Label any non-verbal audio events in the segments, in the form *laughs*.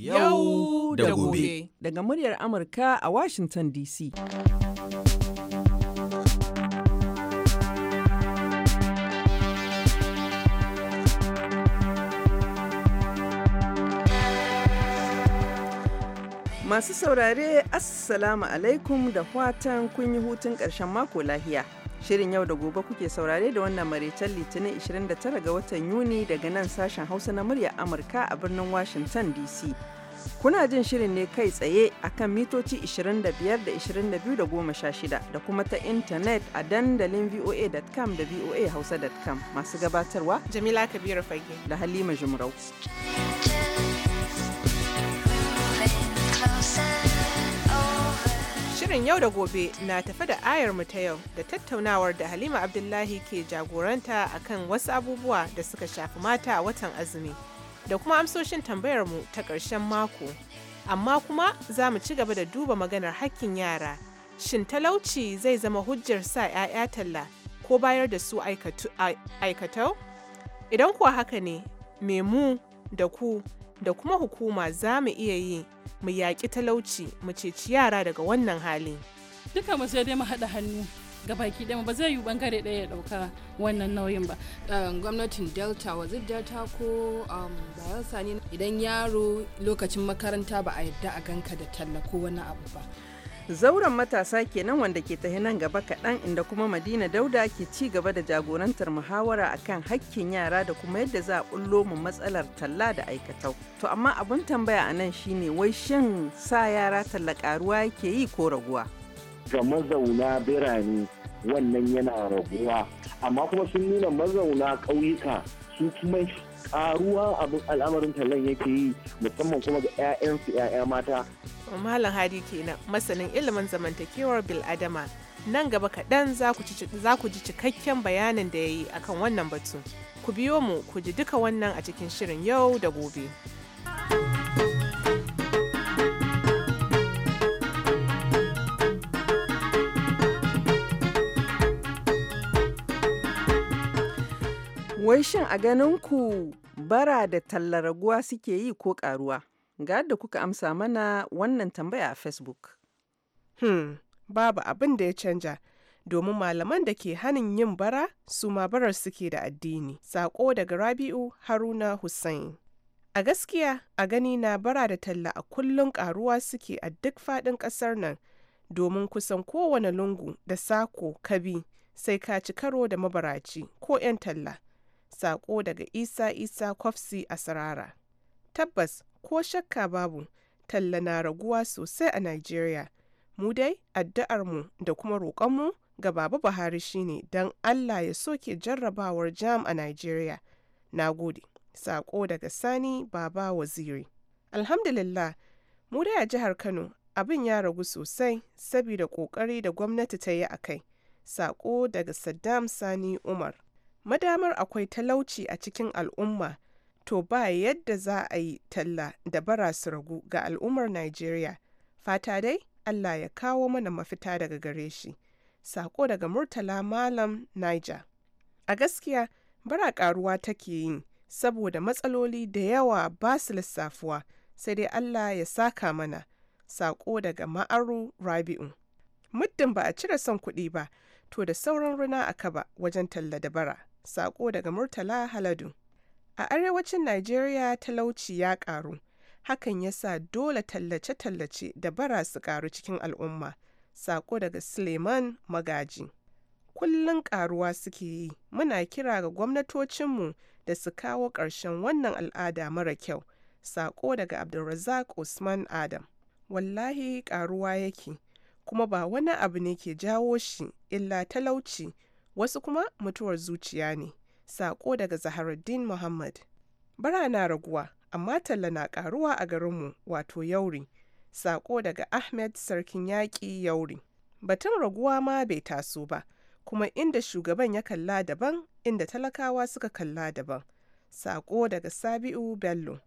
yau da gobe daga muryar amurka a washington dc masu saurare assalamu alaikum da fatan kun yi hutun ƙarshen mako lahiya Shirin yau da gobe kuke saurare da wannan maraicen Litinin 29 ga watan Yuni daga nan sashen Hausa na murya Amurka a birnin Washington DC. Kuna jin shirin ne kai tsaye akan mitoci 25 da 22 da 16 da kuma ta intanet a dandalin voa.com da voahausa.com masu gabatarwa Jamila Kabiru Fage da Halima Jumrau. Shirin yau da gobe na tafi da ayar mu ta yau da tattaunawar da Halima Abdullahi ke jagoranta akan wasu abubuwa da suka shafi mata a watan azumi da kuma amsoshin tambayar mu ta ƙarshen mako. Amma kuma za mu ci gaba da duba maganar hakkin yara. Shin talauci zai zama hujjar sa 'ya'ya talla ko bayar da su aikatau? Idan kuwa haka ne, me mu da ku da kuma hukuma za mu iya yi mu yaƙi talauci mu ceci yara daga wannan hali. Duka mu sai dai mu haɗa hannu ga baki ɗaya ba zai yi bangare ɗaya ya ɗauka wannan nauyin ba. Um, gwamnatin Delta wazir Delta ko um, Bayelsa ne idan yaro lokacin makaranta ba a yadda a ganka da talla ko wani abu ba. zauren matasa kenan wanda ke tahi nan gaba kaɗan inda kuma madina dauda ke ci gaba da jagorantar muhawara akan hakkin yara da kuma yadda za a ɓullo mu matsalar talla da aikatau to amma abin tambaya a nan shine wai shin sa yara talla karuwa yake yi ko raguwa ga mazauna birane wannan yana raguwa amma kuma sun nuna mazauna ƙauyuka su kuma karuwa abin al'amarin tallan yake yi musamman kuma ga 'ya'yansu 'ya'ya mata Malam Hadi kenan masanin ilimin zamantakewar bil'adama. Nan gaba kaɗan za ku ji cikakken bayanin da ya yi akan wannan batu. Ku biyo mu ku ji duka wannan a cikin shirin yau da gobe. Wai shin a ganin ku bara da tallar raguwa suke yi ko karuwa? Ga yadda kuka amsa mana wannan tambaya a Facebook. Hmm, babu abin da ya canja. Domin malaman da ke hanin yin bara su ma barar suke da addini. Sako daga Rabi'u Haruna Hussain. A gaskiya a gani na bara da talla a kullum karuwa suke a duk faɗin ƙasar nan domin kusan kowane lungu da sako kabi sai ka ci karo da mabaraci ko 'yan talla. Sako daga Isa Isa Kwafsi a Sarara. Tabbas ko shakka babu talla na raguwa sosai a Najeriya. Mu dai addu'armu da kuma roƙonmu ga Baba Buhari shine don Allah ya soke jarrabawar jam a Najeriya. Na gode. Saƙo daga Sani Baba Waziri. Alhamdulillah, mu dai a jihar Kano abin ya ragu sosai saboda ƙoƙari da gwamnati ta yi a kai. Sako daga Saddam Sani Umar. Madamar akwai talauci a cikin al'umma. to ba yadda za a yi talla da bara su ragu ga al'ummar Najeriya. Fata dai Allah ya kawo mana mafita daga gare shi. Sako daga Murtala Malam Niger. A gaskiya, bara karuwa take yi saboda matsaloli da yawa ba su lissafuwa sai dai Allah ya saka mana. Sako daga Ma'aru Rabi'u. Muddin ba a cire son kuɗi ba, to da sauran runa a kaba wajen talla da bara. Sako daga Murtala Haladu. A arewacin Najeriya talauci ya ƙaru, hakan ya sa dole tallace-tallace da bara su ƙaru cikin al'umma. Saƙo daga Suleiman Magaji. Kullum ƙaruwa suke yi, muna kira ga gwamnatocinmu da su kawo ƙarshen wannan al'ada mara kyau. Saƙo daga Abdulrazak Usman Adam. Wallahi ƙaruwa yake, kuma ba wani abu ne ke jawo shi illa talauci, wasu kuma mutuwar zuciya ne. Sako daga Zaharuddin Muhammad. Bara na raguwa, amma talla na karuwa a garinmu wato yauri. Sako daga Ahmed Sarkin Yaƙi Yauri. Batun raguwa ma bai taso ba, kuma inda shugaban ya kalla daban, inda talakawa suka kalla daban. Sako daga Sabi'u Bello.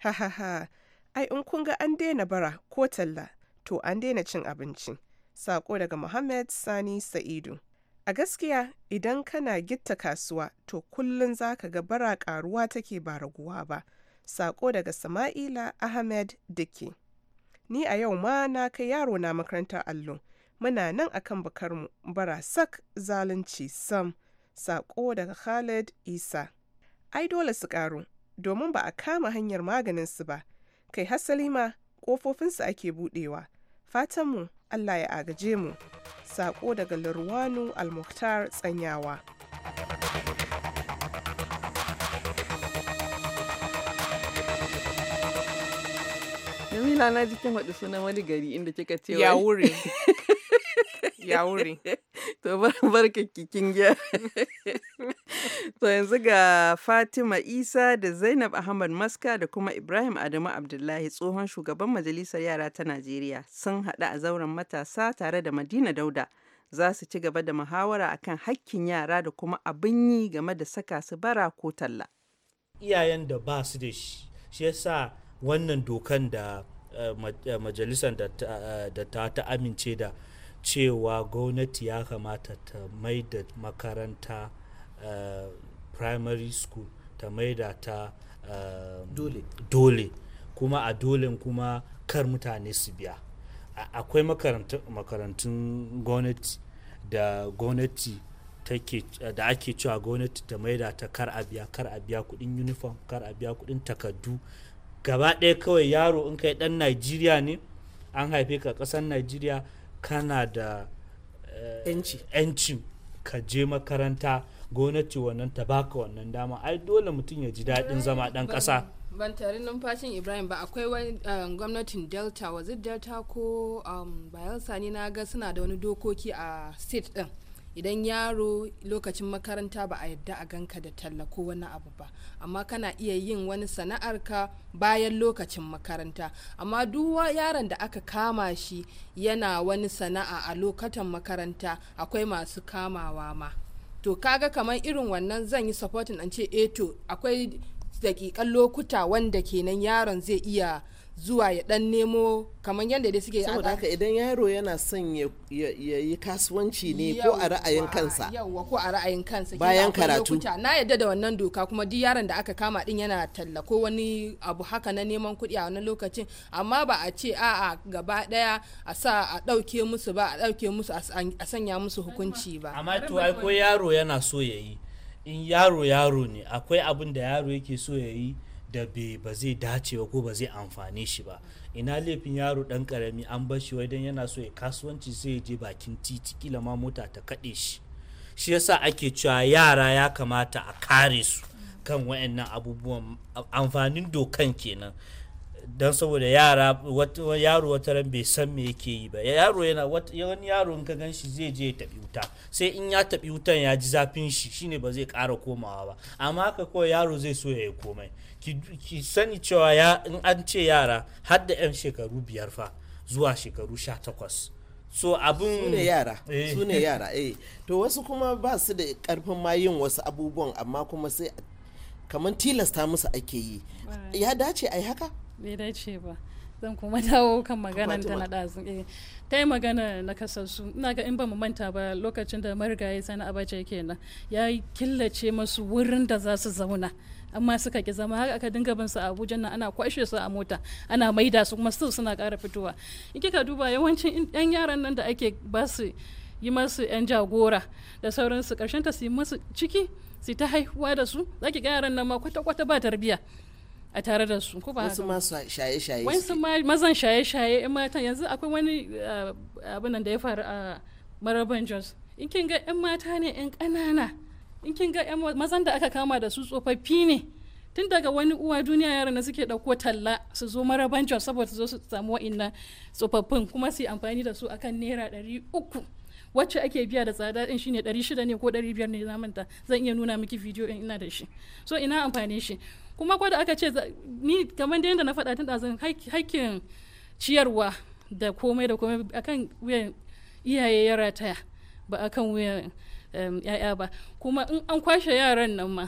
Ha ha ha, ai in kun ga an daina bara ko talla, to an daina cin abinci. Sako daga Muhammad Sani Sa'idu. A gaskiya idan kana gitta kasuwa to kullum za ka ga bara ƙaruwa take ba raguwa ba. Sako daga Sama'ila Ahmed Dike. Ni a yau ma na kai yaro na makarantar allo. Muna nan akan bakarmu bara sak zalunci sam. Sako daga Khalid Isa. Ai dole su ƙaru domin ba a kama hanyar maganin su ba. Kai hasali ma ƙofofinsu ake buɗewa. Fatanmu Allah ya agaje mu. Sako daga Lurwanu Almuktar Tsanyawa. Jamila na jikin faɗi sunan wani gari inda kika cewa *laughs* Ya wuri. Ya wuri. *laughs* To barka kin To yanzu ga Fatima Isa da Zainab Ahmad Maska da kuma Ibrahim Adamu Abdullahi tsohon shugaban majalisar yara ta Najeriya sun haɗu a zauren matasa tare da Madina Dauda. Za su ci gaba da muhawara akan hakkin yara da kuma abin yi game da saka su bara ko talla. Iyayen da ba su da shi, shi yasa wannan dokan da eh, eh, majalisar da ta eh, amince da cewa gwamnati ya kamata ta maida makaranta uh, primary school ta maida ta uh, dole. dole kuma a dole kuma kar mutane su biya akwai makarantun gwamnati da gwamnati da ake cewa gwamnati ta maida ta kar a biya kar a biya kudin uniform kar a biya kudin takardu gaba ɗaya kawai yaro in kai ɗan najeriya ne an haife ka ƙasar najeriya kana da eh, yancin ka je makaranta gwamnati wannan ta baka wannan dama ai dole mutum ya ji daɗin zama ɗan ƙasa ban tare numfashin ibrahim ba akwai eh, gwamnatin delta wazir delta ko um, bayelsa ne na ga suna da wani dokoki a state ɗin idan yaro lokacin makaranta ba a yadda a ganka da talla ko wani abu ba amma kana iya yin wani sana'arka bayan lokacin makaranta amma duk yaron da aka kama shi yana wani sana'a a lokacin makaranta akwai masu kamawa ma to kaga kamar irin wannan zan yi supporting an ce eto eh akwai dakikan lokuta wanda kenan yaron zai iya zuwa ya dan nemo kamar yadda dai suke saboda haka idan yaro yana son ya yi kasuwanci ne ko a ra'ayin kansa yawwa ko a ra'ayin kansa bayan karatu na yadda da wannan doka kuma duk yaron da aka kama din yana talla ko wani abu haka na neman kuɗi a wannan lokacin amma ba a ce a gaba daya a sa a dauke musu ba a dauke musu a sanya musu hukunci ba amma to ai ko yaro yana so yayi in yaro yaro ne akwai abin da yaro yake so yayi da ba zai dace ba ko ba zai amfane shi ba ina laifin yaro dan karami an bar shi wajen yana so ya kasuwanci sai ya je bakin titi kila ma mota ta kaɗe shi shi yasa ake cewa yara ya kamata a kare su kan wayannan abubuwan amfanin dokan kenan don saboda yara yaro wata ran bai san me yake yi ba yaro yana wani yaro in ka gan shi zai je ya tabi wuta sai in ya tabi wutan ya ji zafin shi shine ba zai ƙara komawa ba amma haka kawai yaro zai so ya yi komai ki sani cewa ya in an ce yara har da 'yan shekaru biyar fa zuwa shekaru sha takwas so abin. su ne yara eh. su ne yara eh to wasu kuma ba su da karfin ma yin wasu abubuwan amma kuma sai kamar tilasta musu ake yi ya dace a yi haka bai dace ba zan kuma dawo kan magana ta na ɗazin eh, ta yi magana na kasarsu ina ga in ba mu manta ba lokacin da marigayi sani abace kenan ya killace masu wurin da za su zauna amma suka ki zama har aka dinga bin su a Abuja nan ana kwashe su a mota ana maida su kuma su suna ƙara fitowa in kika duba yawancin yan yaran nan da ake ba su yi masu yan jagora da sauransu karshen ta su yi masu ciki su ta haihuwa da su zaki ga yaran nan ma kwata-kwata ba tarbiya a tare da su ko ba wasu ma shaye-shaye wasu mazan shaye-shaye in matan yanzu akwai wani eh, abin da ya faru a maraban jos in kin ga yan mata ne yan ƙanana in kin ga yan mazan da aka kama da su tsofaffi ne tun daga wani uwa duniya yara na suke dauko talla su zo maraban jos saboda su zo su samu ina tsofaffin kuma su yi amfani da su akan naira ɗari uku wacce ake biya da tsada din shine shida ne ko biyar ne na manta zan iya nuna miki video in ina da shi so ina amfani shi kuma ko da aka ce ni kamar da yadda na faɗa tun ɗazan haƙƙin ciyarwa da komai da komai akan wuyan iyaye ya rataya ba akan wuyan Um, 'ya'ya ba kuma in an kwashe yaran nan ma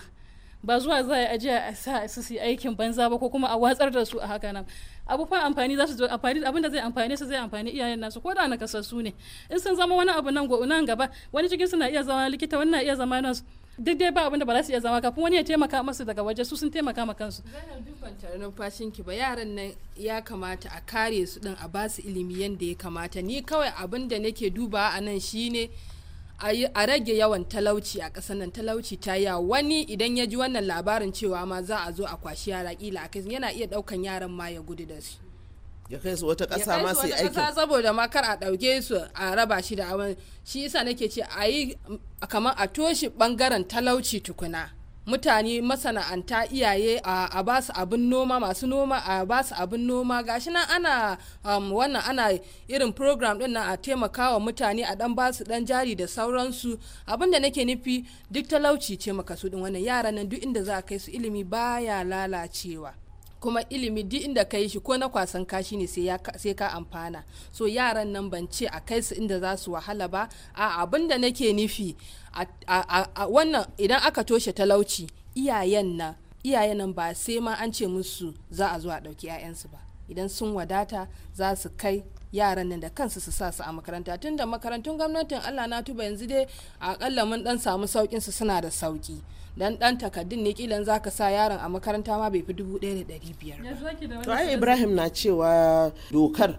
ba zuwa za a ajiya a sa su yi aikin banza ba ko kuma a watsar da su a haka nan abu fa amfani za su zo amfani abin da zai amfani su zai amfani iyayen nasu ko da na kasassu ne in sun zama wani abu nan nan gaba wani cikin suna iya zama likita wani na iya zama nan duk dai ba abin da ba za su iya zama kafin wani ya taimaka masu daga waje su sun taimaka ma kansu zainab dukkan tare numfashin ki ba yaran nan ya kamata a kare su din a ba su ilimi yadda ya kamata ni kawai abin da nake duba a nan shine a rage yawan talauci a ƙasar nan talauci ta yi wani idan ya ji wannan labarin cewa ma za a zo a kwashi yara kila a yana iya ɗaukan yaran ma ya gudu da su ya kai su wata ƙasa ma sai aikin saboda ma kar a ɗauke su a raba shi da awon shi yasa nake ce a yi kamar a toshe ɓangaren talauci tukuna mutane masana'anta iyaye a ba su abin noma masu noma a ba su abin noma gashi nan ana um, wannan ana irin program din nan a taimakawa mutane a dan ba su dan jari da sauransu abin da nake nufi duk talauci ce maka wannan yaran nan duk inda za a kai su ilimi baya lalacewa kuma ilimi duk inda ka yi shi ko na kwasan kashi ne sai ka amfana so yaran nan ban ce a kai su inda za su wahala ba a abin da nake nufi a wannan idan aka toshe talauci iyayen nan iyayen nan ba sai ma an ce musu za a zo a ɗauki 'ya'yansu ba idan sun wadata za su kai yaran nan da kansu su sa su a makaranta tunda makarantun gwamnatin allah na tuba yanzu dai akalla mun dan samu saukin su suna da sauki dan dan takaddun ne kilan zaka sa yaron a makaranta ma bai fi dubu ɗaya da ɗari biyar ba. ai ibrahim na cewa dokar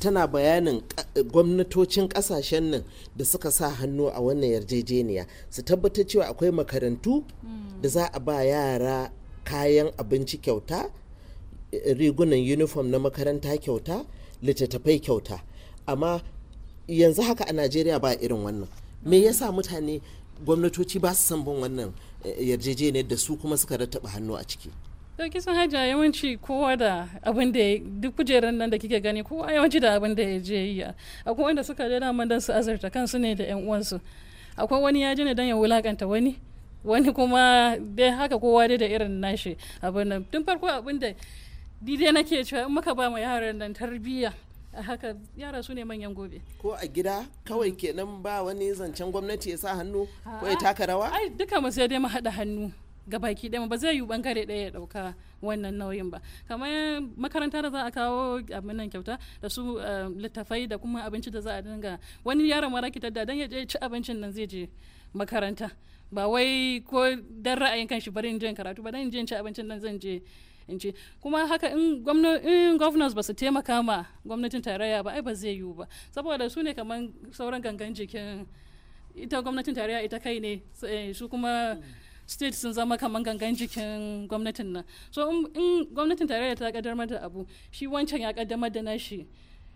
tana bayanin gwamnatocin kasashen nan da suka sa hannu a wannan yarjejeniya su tabbatar cewa akwai makarantu da za a ba yara kayan abinci kyauta rigunan uniform na makaranta kyauta littattafai kyauta amma yanzu haka a najeriya ba irin wannan me yasa mutane gwamnatoci ba su san bin wannan eh, yarjejeniyar da su kuma suka rattaba hannu a ciki dauki sun hajiya yawanci kowa da abin da ya duk kujerar nan da kike gani kowa yawanci da abin da ya je yi akwai wanda suka je daman don su azurta kansu ne da yan uwansu akwai wani ya ji ne don ya wulakanta wani wani kuma dai haka kowa dai da irin nashi abin nan tun farko abin da dai nake cewa in muka ba mu yaran nan tarbiyya haka yara su ne manyan gobe ko a gida kawai mm. kenan ba wani zancen gwamnati ya sa hannu ko ya taka rawa ai duka mu sai dai mu haɗa hannu ga baki ɗaya ba zai yi bangare daya ya dauka wannan nauyin ba kamar makaranta da za a kawo abin nan kyauta da su eh, littafai da kuma abinci da za a dinga wani yara mara kitar da dan ya je ci abincin nan zai je makaranta ba wai ko dan ra'ayin kanshi shi bari in je karatu ba dan in ci abincin nan zan je in ce kuma haka in governors ba su taimaka ma gwamnatin tarayya ba ai ba zai yiwu ba saboda su ne kamar sauran gangan jikin ita gwamnatin tarayya ita kai ne eh, su kuma state sun zama kamar gangan jikin gwamnatin nan so in gwamnatin tarayya ta kaddamar da abu shi wancan ya kaddamar da nashi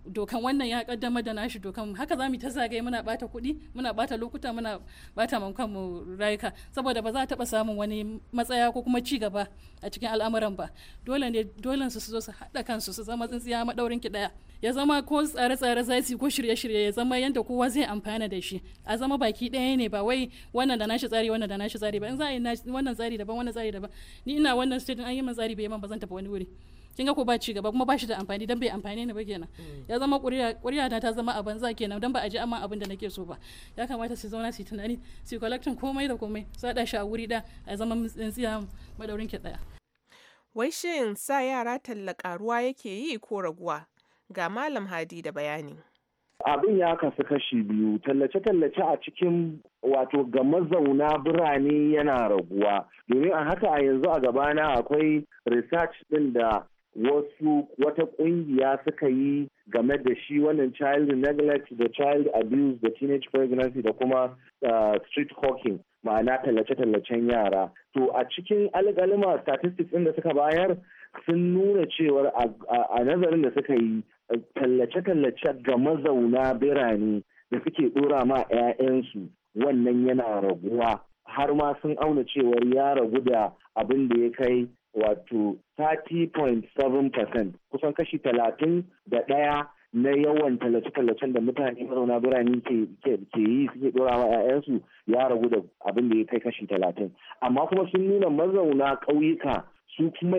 dokan wannan ya kaddama da nashi dokan haka za mu ta zagaye muna bata kuɗi muna bata lokuta muna bata man kanmu rayuka saboda ba za a taba samun wani matsaya ko kuma ci gaba a cikin al'amuran ba dole ne dole su zo su haɗa kansu su zama tsintsiya maɗaurin ki ɗaya ya zama ko tsare-tsare su ko shirye-shirye ya zama yadda kowa zai amfana da shi a zama baki ɗaya ne ba wai wannan da nashi tsari wannan da nashi tsari ba in za a yi wannan tsari daban wannan tsari daban ni ina wannan state an yi min tsari bai man ba zan tafi wani wuri kin ga ko ba ci gaba kuma ba shi da amfani dan bai amfani ne ba kenan mm. ya zama ƙuriya ta zama a banza kenan dan ba a ji amma abin da nake so ba ya kamata su zauna su tunani su collecting komai da komai su haɗa shi a wuri da a zama tsintsiya madaurin ki daya wai shin sa yara talla ruwa yake yi ko raguwa ga malam hadi da bayani. abin ya kasu kashi biyu tallace-tallace a cikin wato ga mazauna birane yana raguwa domin a haka a yanzu a gabana akwai research ɗin da wasu wata kungiya suka yi game da shi wannan child neglect da child abuse da teenage pregnancy da kuma uh, street hawking ma'ana tallace-tallacen yara to a cikin alƙalima statistics ɗin da suka bayar sun nuna cewar a nazarin da suka yi uh, tallace-tallace ga mazauna birane da suke ɗora ma 'ya'yansu wannan yana raguwa har ma sun auna cewar ya ragu da abin da ya kai wato 30.7% kusan kashi talatin da ɗaya na yawan tallace-tallacen da mutane mazauna birane ke yi suke ɗorawa 'ya'yansu ya ragu da abin da ya kai kashi talatin amma kuma sun nuna mazauna ƙauyuka su kuma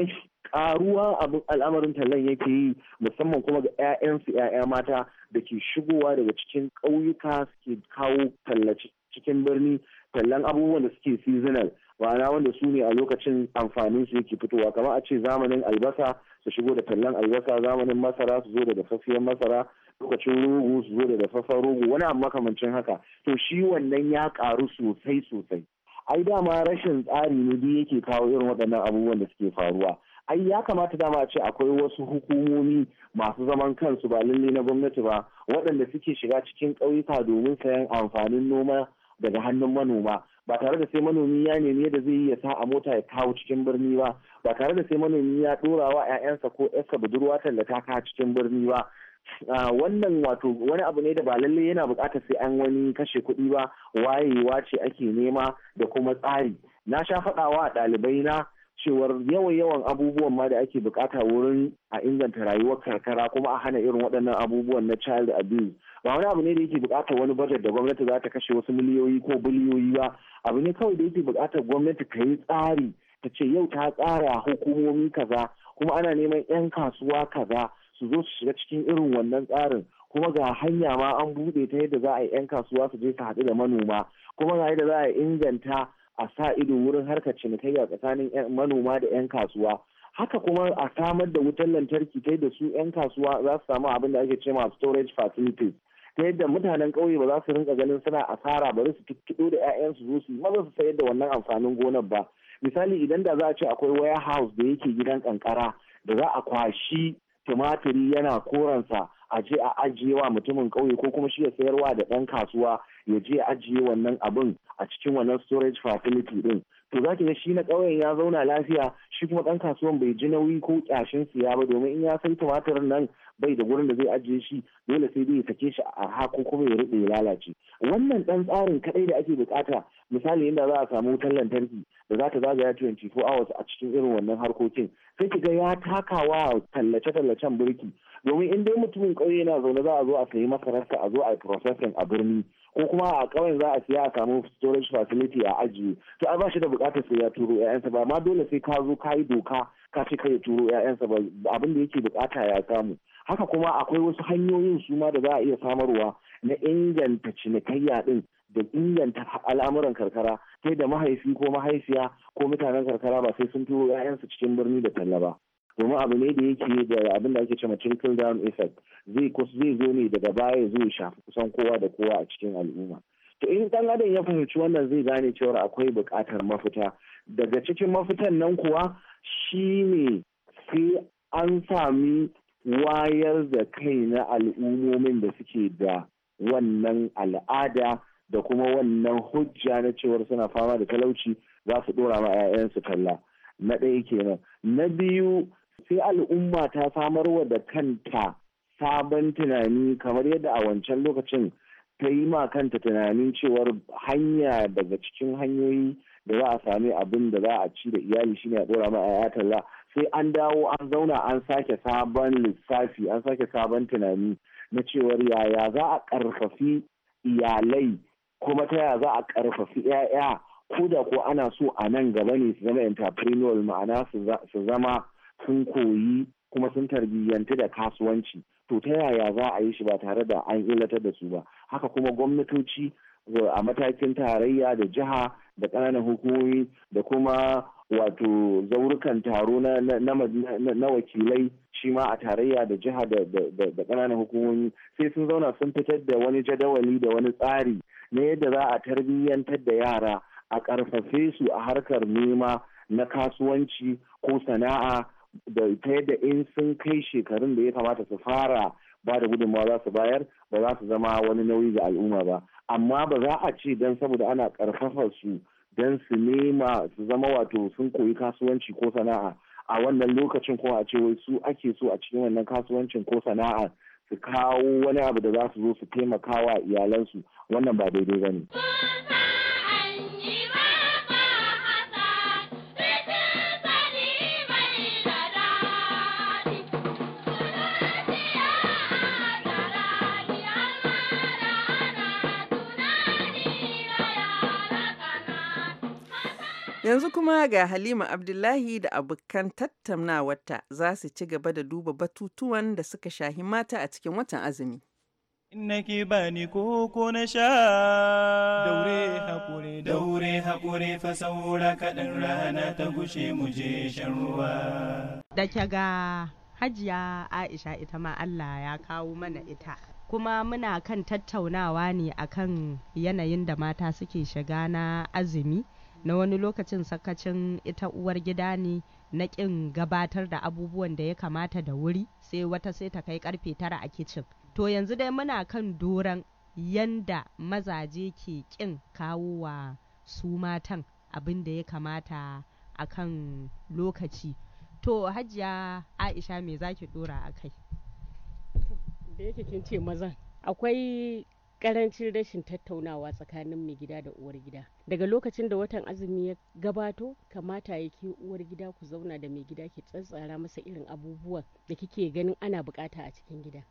karuwa abin al'amarin tallan yake yi musamman kuma ga 'ya'yansu 'ya'ya mata da ke shigowa daga cikin ƙauyuka suke kawo tallace cikin birni tallan abubuwan da suke seasonal ma'ana wanda su ne a lokacin amfanin su yake fitowa kamar a ce zamanin albasa su shigo da tallan albasa zamanin masara su zo da dafaffiyar masara lokacin rogo su zo da dafaffen rogo wani abu makamancin haka to shi wannan ya karu sosai sosai ai dama rashin tsari ne duk yake kawo irin waɗannan abubuwan da suke faruwa ai ya kamata dama a ce akwai wasu hukumomi masu zaman kansu ba lalle na gwamnati ba waɗanda suke shiga cikin ƙauyuka domin sayan amfanin noma daga hannun manoma ba tare da sai manomi ya nemi yadda zai yi ya sa a mota ya kawo cikin birni ba ba tare da sai manomi ya dora wa 'ya'yansa ko 'yarsa budurwa tallata ka cikin birni ba wannan wato wani abu ne da ba lalle yana buƙatar sai an wani kashe kuɗi ba wayewa ce ake nema da kuma tsari na sha faɗawa a ɗalibai na cewar yawan yawan abubuwan ma da ake bukata wurin a inganta rayuwar karkara kuma a hana irin waɗannan abubuwan na child abuse ba wani abu ne da yake bukatar wani budget da gwamnati za ta kashe wasu miliyoyi ko biliyoyi ba abu ne kawai da yake bukatar gwamnati ta yi tsari ta ce yau ta tsara hukumomi kaza kuma ana neman 'yan kasuwa kaza su zo su shiga cikin irin wannan tsarin kuma ga hanya ma an buɗe ta yadda za a yi 'yan kasuwa su je su haɗu da manoma kuma ga yadda za a inganta a sa ido wurin harkar cinikayya tsakanin manoma da 'yan kasuwa haka kuma a samar da wutar lantarki kai da su 'yan kasuwa za su samu abin da ake cema storage facilities ta yadda mutanen ƙauye ba za su rinka ganin suna asara bari su tuttuɗo da 'ya'yansu zo su maza su sayar da wannan amfanin gonar ba misali idan da za a ce akwai warehouse da yake gidan kankara da za a kwashi tumatiri yana koransa a je a ajiyewa mutumin ƙauye ko kuma shi ya sayarwa da ɗan kasuwa ya je ajiye wannan abin a cikin wannan storage facility din to za ki ga shi na ƙauyen ya zauna lafiya shi kuma ɗan kasuwan bai ji nauyi ko ƙyashin siya ba domin in ya san tumatir nan bai da gurin da zai ajiye shi dole sai dai ya sake shi a arha ko kuma ya rube ya lalace wannan ɗan tsarin kaɗai da ake bukata misali inda za a samu wutar lantarki da za ta zagaya 24 hours a cikin irin wannan harkokin sai ki ga ya wa tallace-tallacen birki domin in dai mutumin ƙauye yana zaune za a zo a sayi masararsa a zo a yi processing a birni ko kuma a kawai za a siya a samu storage facility a ajiye to ai ba shi da bukatar sai ya turo 'ya'yansa ba ma dole sai ka zo ka yi doka ka ce kai ya turo 'ya'yansa ba abin da yake bukata ya samu haka kuma akwai wasu hanyoyin su ma da za a iya samarwa na inganta cinikayya din da inganta al'amuran karkara sai da mahaifi ko mahaifiya ko mutanen karkara ba sai sun turo 'ya'yansu cikin birni da talla ba domin abu ne da yake da abin da ake cewa trickle down effect zai zai zo ne daga baya zai shafi kusan kowa da kowa a cikin al'umma to in dan adam ya fahimci wannan zai gane cewa akwai bukatar mafita daga cikin mafitan nan kuwa shine sai an sami wayar da kai na al'ummomin da suke da wannan al'ada da kuma wannan hujja na cewar suna fama da talauci za su dora ma 'ya'yansu kalla na ɗaya kenan na biyu sai al'umma ta samar wa da kanta sabon tunani kamar yadda a wancan lokacin ta yi ma kanta tunanin cewar hanya daga cikin hanyoyi da za a sami abin da za a ci da iyali shine a dora ma yaya talla sai an dawo an zauna an sake sabon lissafi an sake sabon tunani na cewar yaya za a karfafi iyalai kuma ta yaya za a karfafi yaya ko da ko ana so a nan gaba ne su zama entrepreneur ma'ana su zama sun koyi kuma sun tarbiyyantu da kasuwanci to ta yaya za a yi shi ba tare da an illatar da su ba haka kuma gwamnatoci eh, a matakin tarayya da jiha da ƙananan hukumomi da kuma wato zaurukan taro na wakilai shi ma a tarayya da jiha da ƙananan hukumomi sai sun zauna sun fitar da wani jadawali da wani tsari na yadda za a tarbiyyantar da yara a ƙarfafe su a harkar nema na kasuwanci ko sana'a da ta yadda in sun kai shekarun da ya kamata su fara ba da gudunmawa za su bayar ba za su zama wani nauyi ga al'umma ba amma ba za a ce don saboda ana karfafa su don su nema su zama wato sun koyi kasuwanci ko sana'a a wannan lokacin kuma a ce wai su ake so a cikin wannan kasuwancin ko sana'a su kawo wani abu da za su zo su taimakawa iyalansu wannan ba daidai ba ne. Yanzu kuma ga Halima Abdullahi da abokan tattaunawarta za su ci gaba da duba batutuwan da suka shahi mata a cikin watan azumi. Innaki bani koko na sha daure haƙure daure fa saura kaɗan rana ta gushe mu je shan ruwa. Da ga Hajiya Aisha ita ma Allah ya kawo mana ita. Kuma muna kan tattaunawa ne akan yanayin da mata suke shiga na azumi. na wani lokacin sakacin ita uwar gida ne na ƙin gabatar da abubuwan da ya kamata da wuri sai wata sai ta kai karfe tara a kicin to yanzu dai muna kan doron yanda mazaje ke ƙin kawo wa su matan abin da ya kamata a kan lokaci to hajiya aisha me zaki dora a kai da yake kin ce mazan akwai karancin rashin tattaunawa tsakanin mai gida da uwar gida daga lokacin da watan azumi ya gabato kamata ya ke uwar gida ku zauna da mai gida ki tsantsara masa irin abubuwan da kike ganin ana bukata a cikin gida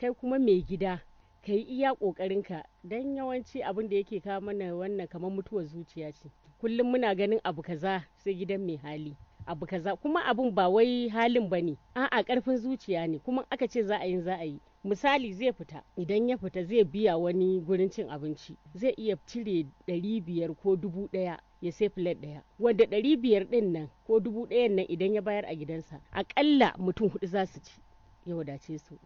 kai kuma mai gida ka yi iya ƙoƙarinka don yawanci abin da yake kawo mana wannan kamar mutuwar zuciya ce kullum muna ganin abu kaza sai gidan mai hali abu kaza kuma abin ba wai halin ba ne a'a karfin zuciya ne kuma aka ce za a yi za a yi misali zai fita idan ya fita zai biya wani gurin cin abinci zai iya cire ɗari biyar ko dubu ɗaya ya sai filet ɗaya wanda ɗari biyar ɗin nan ko dubu ɗayan nan idan ya bayar a gidansa aƙalla mutum hudu za su ci ya wadace su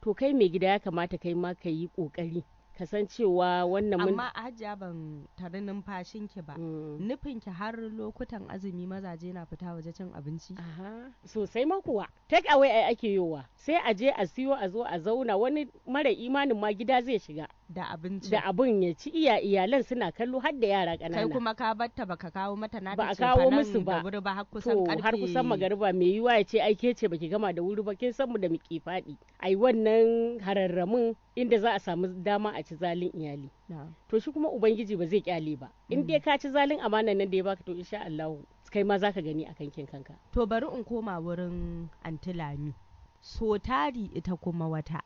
to kai mai gida ya kamata kai ma ka yi ƙoƙari kasancewa wannan mun amma hajiya ban tare numfashin ki ba mm. nufin ki har lokutan azumi mazaje na fita waje cin abinci sosai ma kuwa take away ai ake yowa sai a je a siyo a zo a zauna wani mara imanin ma gida zai shiga da abinci da abun ya ci iya iyalan suna kallo har da yara kanana. kai kuma ka batta baka kawo mata na ba kawo musu ba wuri ba har kusan karfe har kusan magariba me yiwa ya ce ai kece ce baki gama da wuri ba kin san mu da muke fadi. ai wannan hararramin inda za a samu dama a ci zalin iyali to shi kuma ubangiji ba zai kyale ba in mm. dai ka ci zalin amanan nan da ya baka to insha Allah kai ma zaka gani akan kin kanka to bari in koma wurin antilami so tari ita kuma wata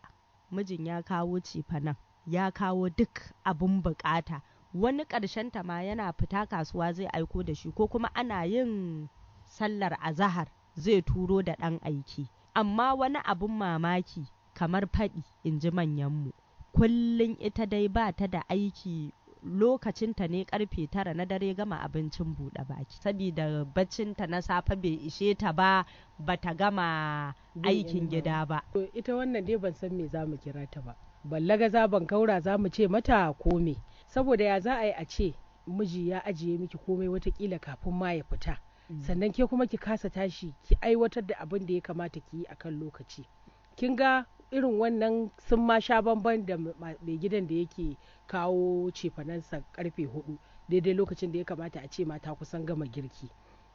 mijin ya kawo cifanan ya kawo duk abin bukata wani ƙarshen ta ma yana fita kasuwa zai aiko da shi ko kuma ana yin sallar azahar zai turo da ɗan aiki amma wani abin mamaki kamar faɗi in ji manyanmu kullum ita dai ba ta da aiki lokacinta ne karfe tara na dare gama abincin buɗe baki saboda baccinta na safe bai ishe ta ba ba ta gama aikin gida ba ita wannan dai ban san me za mu kira ta ba za ban kaura za mu ce mata kome saboda ya za a yi a ce miji ya ajiye miki komai watakila kafin ma ya fita mm. sannan ke kuma ki kasa tashi ki aiwatar da abin da ya kamata ki yi a kan lokaci kin ga irin wannan sun ma sha bamban da mai gidan da yake kawo cefanensa karfe hudu daidai lokacin da ya kamata a ce mata kusan gama girki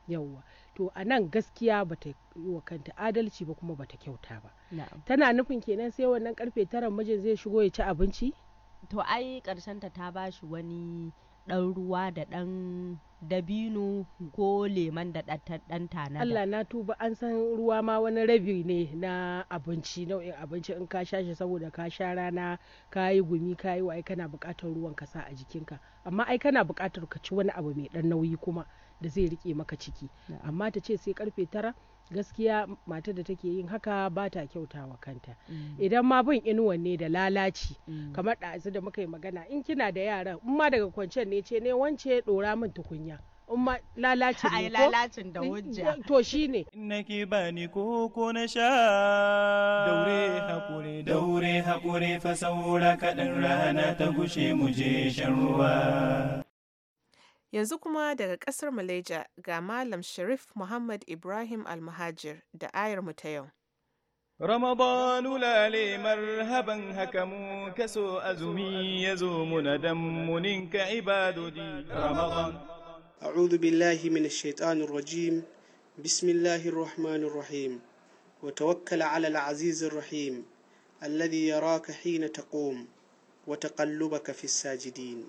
yawwa to a nan gaskiya bata yi wa kanta adalci ba kuma bata kyauta ba tana nufin kenan sai wannan karfe tara mijin zai shigo ya ci abinci to ai ta ta bashi wani ɗan ruwa da ɗan dabino ko leman da ɗan tana Allah na tuba an san ruwa ma wani rabi ne na abinci nau'in abinci in ka sha shi saboda ka sha rana ka yi gumi ka yi wa kana buƙatar ruwan ka sa a jikinka amma ai kana buƙatar ka ci wani abu mai ɗan nauyi kuma da zai rike maka ciki amma ta ce sai karfe tara gaskiya matar da take yin haka ba ta kyautawa kanta mm. idan ma bin inuwan ne da lalaci mm. kamar ɗazu da muka yi magana in kina da yaran in ma daga kwancen ne ce ne wance ɗora min tukunya umma lalacin ne *laughs* ko lalacin da wujja *laughs* to shine nake bani ko ko na sha daure hakure daure hakure fa saura kadan rana ta gushe mu je shan ruwa Yanzu kuma daga ƙasar Malaysia ga Malam Sharif Muhammad Ibrahim Almahajir da ayarmu ta yau. رمضان لالي مرهبا هكم كسو أزمي يزومنا دم منك عباد دي رمضان أعوذ بالله من الشيطان الرجيم بسم الله الرحمن الرحيم وتوكل على العزيز الرحيم الذي يراك حين تقوم وتقلبك في الساجدين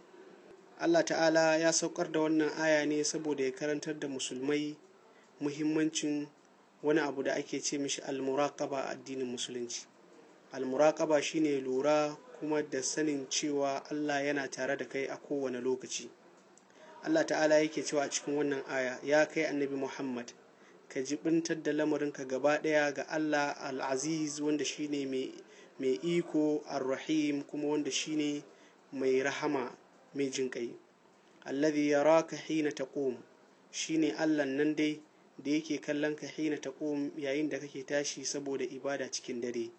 Allah ta'ala ya saukar da wannan aya ne saboda ya karantar da musulmai muhimmancin wani abu da ake ce mishi almuraqaba a addinin musulunci almuraqaba shine lura kuma da sanin cewa Allah yana tare da kai a kowane lokaci Allah ta'ala yake cewa a cikin wannan aya ya kai annabi Muhammad ka jibintar da lamarinka gaba ɗaya ga Allah al-aziz wanda shine mai mai iko ar-rahim kuma wanda shine mai rahama mai jin jinƙai alladhi yaraka hina taqum shine Allah nan dai da yake kallon ka hina taqum yayin da kake tashi saboda ibada cikin dare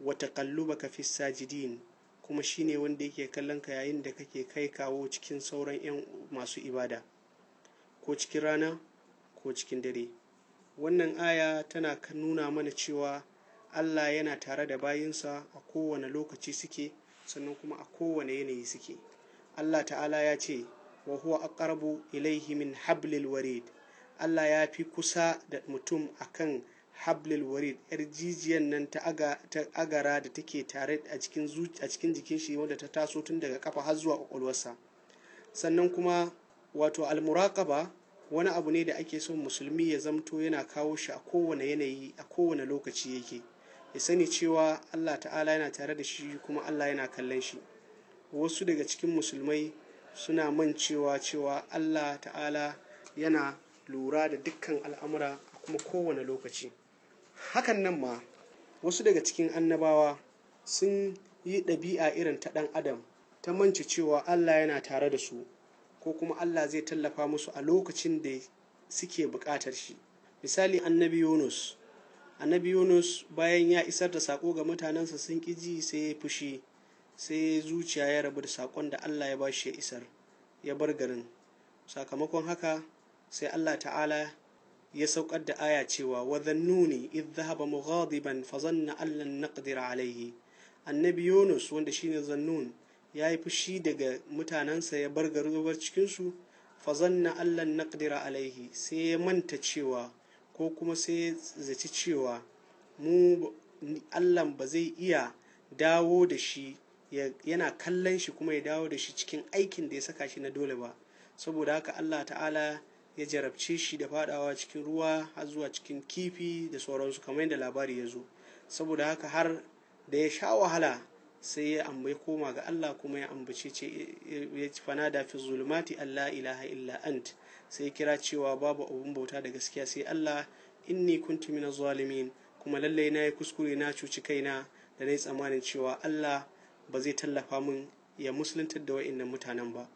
wa taqallubaka fi sajidin kuma shine wanda yake kallon ka yayin da kake kai kawo cikin sauran yan masu ibada ko cikin rana ko cikin dare wannan aya tana nuna mana cewa Allah yana tare da bayinsa a kowane lokaci suke sannan kuma a kowane yanayi suke Allah ta'ala ya ce wa huwa aqrabu ilaihi min hablil warid Allah ya fi kusa da mutum akan hablil warid yar jijiyan nan ta agara da take tare a cikin a cikin jikin shi wanda ta taso tun daga kafa har zuwa kwakwalwarsa sannan kuma wato almurakaba wani abu ne da ake son musulmi ya zamto yana kawo shi a kowane yanayi a kowane lokaci yake ya sani cewa Allah ta'ala yana tare da shi kuma Allah yana kallon shi wasu daga cikin musulmai suna mancewa cewa allah ta'ala yana lura da dukkan al'amura a kuma kowane lokaci hakan nan ma wasu daga cikin annabawa sun yi ɗabi'a irin ta ɗan adam ta manci cewa allah yana tare da su ko kuma allah zai tallafa musu a lokacin da suke buƙatar shi misali annabi yunus annabi yunus bayan ya isar da saƙo ga mutanensa sun ƙi ji sai ya fushi sai zuciya ya rabu da sakon da allah ya ba shi ya isar ya bar garin sakamakon haka sai allah ta'ala ya saukar da aya cewa zannuni idh dhahaba mughadiban fa zanna allan naqdir alayhi annabi yunus wanda shine zannun ya yi fushi daga mutanensa ya bar cikin cikinsu fa zanna allan naqdir alaihi sai ya manta cewa ko kuma sai zaci cewa mu allan ba zai iya dawo da shi yana kallon shi kuma ya dawo da shi cikin aikin da ya saka shi na dole ba saboda haka allah ta'ala ya jarabce shi da fadawa cikin ruwa har zuwa cikin kifi da sauransu kamar yadda labari ya zo saboda haka har da ya sha wahala sai ya ambai koma ga allah kuma ya ambace ce ya fana da fi zulmati allah ilaha illa ant sai ya kira cewa babu abun bauta da gaskiya sai allah inni kuntu minaz zalimin kuma lallai na yi kuskure na cuci kaina da na yi tsammanin cewa allah ba zai tallafa min ya musuluntar da wa'annan mutanen ba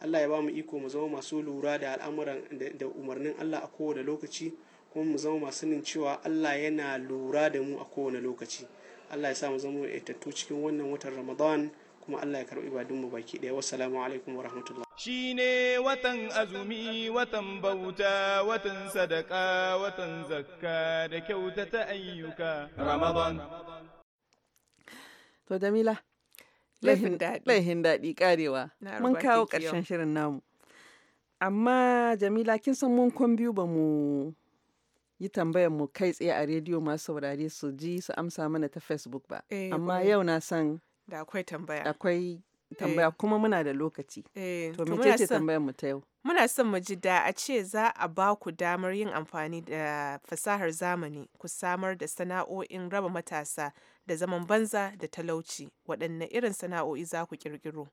Allah ya ba mu iko mu zama masu lura da al'amuran da umarnin Allah a kowane lokaci kuma mu zama masu nin cewa Allah yana lura da mu a kowane lokaci Allah ya sa mu zama yatattu cikin wannan watan Ramadan kuma Allah ya karɓi ibadun mu baki ɗaya wasalamu alaikum wa rahmatullah shine watan azumi watan bauta watan sadaka watan zakka da ta ayyuka Ramadan to Jamila laifin daɗi laifin daɗi karewa mun kawo ƙarshen shirin namu amma jamila kin san mun kun biyu ba mu yi tambayar mu kai tsaye a rediyo masu saurare su ji su amsa mana ta facebook ba eh, amma yau na san da akwai tambaya akwai tambaya eh. kuma muna da lokaci eh, to me ce tambayar mu ta yau muna son mu ji da a ce za a ba ku damar yin amfani da fasahar zamani ku samar da sana'o'in raba matasa da zaman banza da talauci waɗanne irin sana'o'i za ku ƙirƙiro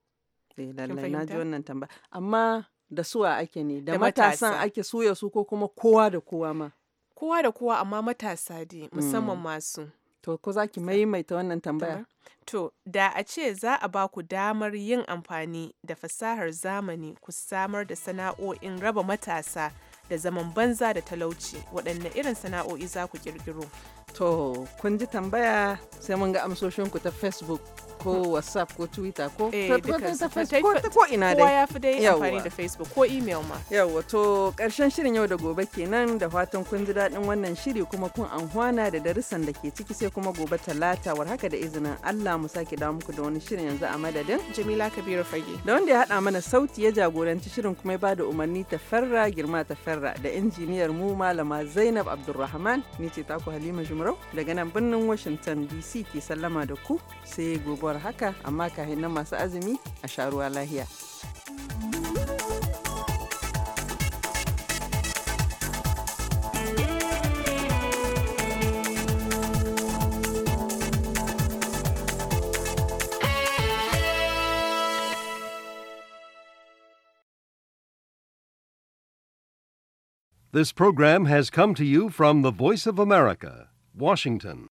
eh, lallai na ji wannan tambaya amma da suwa ake ne da matasan ake suya su ko kuma kowa da kowa ma kowa da kowa amma matasa ne, mm. musamman masu to ko za ki maimaita wannan tambaya to da a ce za a ba ku damar yin amfani da fasahar zamani ku samar da sana'o'in raba matasa da zaman banza da talauci waɗanne irin sana'o'i za ku ƙirƙiro To, kun ji tambaya sai mun ga amsoshinku ta Facebook. ko whatsapp ko twitter ko eh, ko ina dai ya fi dai amfani da facebook ko email ma yawa to karshen shirin yau da gobe kenan da fatan kun ji daɗin wannan shiri kuma kun anhwana da darussan da ke ciki sai kuma gobe talata war haka da izinin allah mu sake dawo muku da wani shirin yanzu a madadin jamila kabiru fage da wanda ya haɗa mana sauti ya jagoranci shirin kuma ya bada umarni ta farra girma ta farra da injiniyar mu malama zainab abdulrahman ni ce taku halima jumrau daga nan birnin washington dc ke sallama da ku sai gobe haka amma masu azumi a lahiya. This program has come to you from the Voice of America, Washington.